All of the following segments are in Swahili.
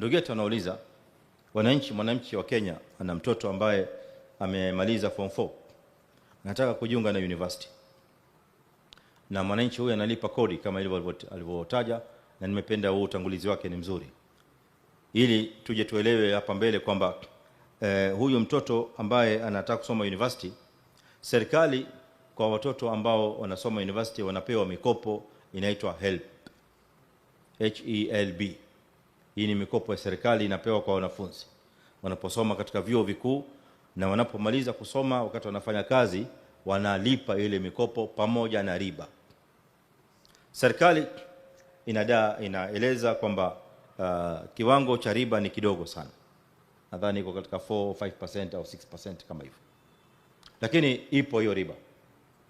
Ndugu yetu anauliza, wananchi, mwananchi wa Kenya ana mtoto ambaye amemaliza form 4 nataka kujiunga na university, na mwananchi huyu analipa kodi kama ilivyo alivyotaja, na nimependa huu utangulizi wake ni mzuri, ili tuje tuelewe hapa mbele kwamba eh, huyu mtoto ambaye anataka kusoma university, serikali kwa watoto ambao wanasoma university wanapewa mikopo inaitwa HELB, H E L B hii ni mikopo ya serikali inapewa kwa wanafunzi wanaposoma katika vyuo vikuu na wanapomaliza kusoma, wakati wanafanya kazi, wanalipa ile mikopo pamoja na riba. Serikali inada inaeleza kwamba uh, kiwango cha riba ni kidogo sana, nadhani iko katika 4 5% au 6% kama hivyo, lakini ipo hiyo riba,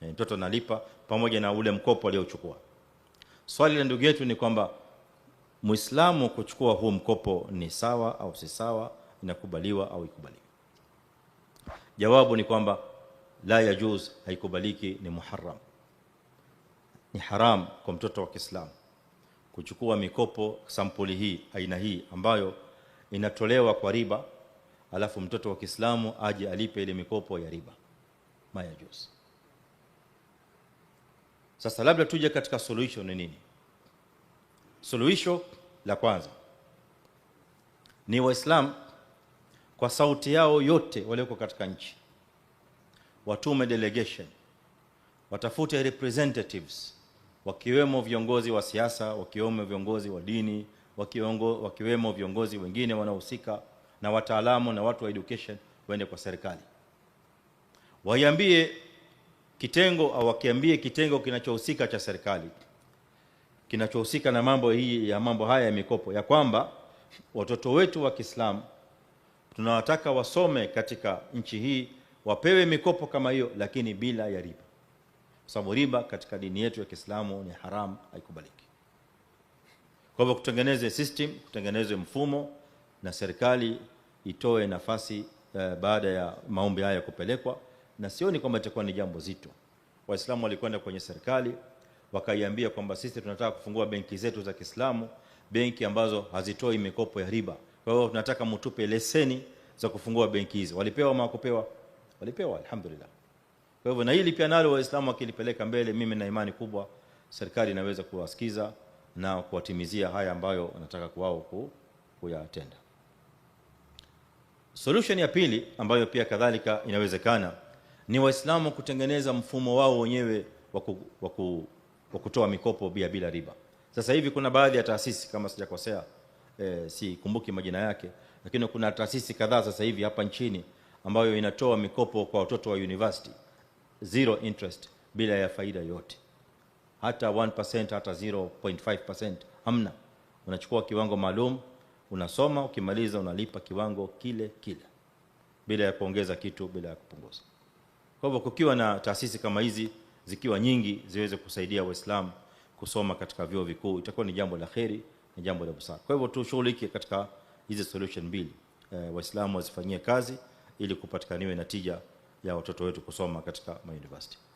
mtoto analipa pamoja na ule mkopo aliochukua. Swali la ndugu yetu ni kwamba Muislamu kuchukua huu mkopo ni sawa au si sawa, inakubaliwa au ikubaliwi? Jawabu ni kwamba la yajuz, haikubaliki, ni muharram, ni haram kwa mtoto wa Kiislamu kuchukua mikopo sampuli hii, aina hii ambayo inatolewa kwa riba, alafu mtoto wa Kiislamu aje alipe ile mikopo ya riba, ma Sasa labda tuje katika suluhisho ni nini? Suluhisho la kwanza ni Waislamu kwa sauti yao yote walioko katika nchi watume delegation, watafute representatives, wakiwemo viongozi wa siasa, wakiwemo viongozi wa dini, wakiongo, wakiwemo viongozi wengine wanaohusika na wataalamu na watu wa education, waende kwa serikali waiambie kitengo au wakiambie kitengo kinachohusika cha serikali kinachohusika na mambo hii ya mambo haya ya mikopo, ya kwamba watoto wetu wa Kiislamu tunawataka wasome katika nchi hii, wapewe mikopo kama hiyo, lakini bila ya riba, kwa sababu riba katika dini yetu ya Kiislamu ni haramu, haikubaliki. Kwa hivyo kutengeneze system, kutengeneze mfumo na serikali itoe nafasi eh, baada ya maombi haya kupelekwa, na sioni kwamba itakuwa ni jambo zito. Waislamu walikwenda kwenye serikali wakaiambia kwamba sisi tunataka kufungua benki zetu za Kiislamu, benki ambazo hazitoi mikopo ya riba. Kwa hiyo tunataka mtupe leseni za kufungua benki hizi. Walipewa ama hawakupewa? Walipewa, alhamdulillah. Kwa hivyo na hili pia nalo Waislamu wakilipeleka mbele, mimi na imani kubwa serikali inaweza kuwasikiza na kuwatimizia haya ambayo wanataka kwao kuyatenda. Solution ya pili ambayo pia kadhalika inawezekana ni Waislamu kutengeneza mfumo wao wenyewe wa wa kutoa mikopo bila bila riba. Sasa hivi kuna baadhi ya taasisi kama sijakosea, e, sikumbuki majina yake, lakini kuna taasisi kadhaa sasa hivi hapa nchini ambayo inatoa mikopo kwa watoto wa university zero interest, bila ya faida yote, hata 1% hata 0.5% hamna. Unachukua kiwango maalum, unasoma, ukimaliza unalipa kiwango kile kile bila ya kuongeza kitu, bila ya kupunguza. Kwa hivyo kukiwa na taasisi kama hizi zikiwa nyingi ziweze kusaidia Waislamu kusoma katika vyuo vikuu, itakuwa ni jambo la kheri, ni jambo la busara. Kwa hivyo tushughulike katika hizi solution mbili, e, Waislamu wazifanyie kazi ili kupatikaniwe natija ya watoto wetu kusoma katika mauniversity.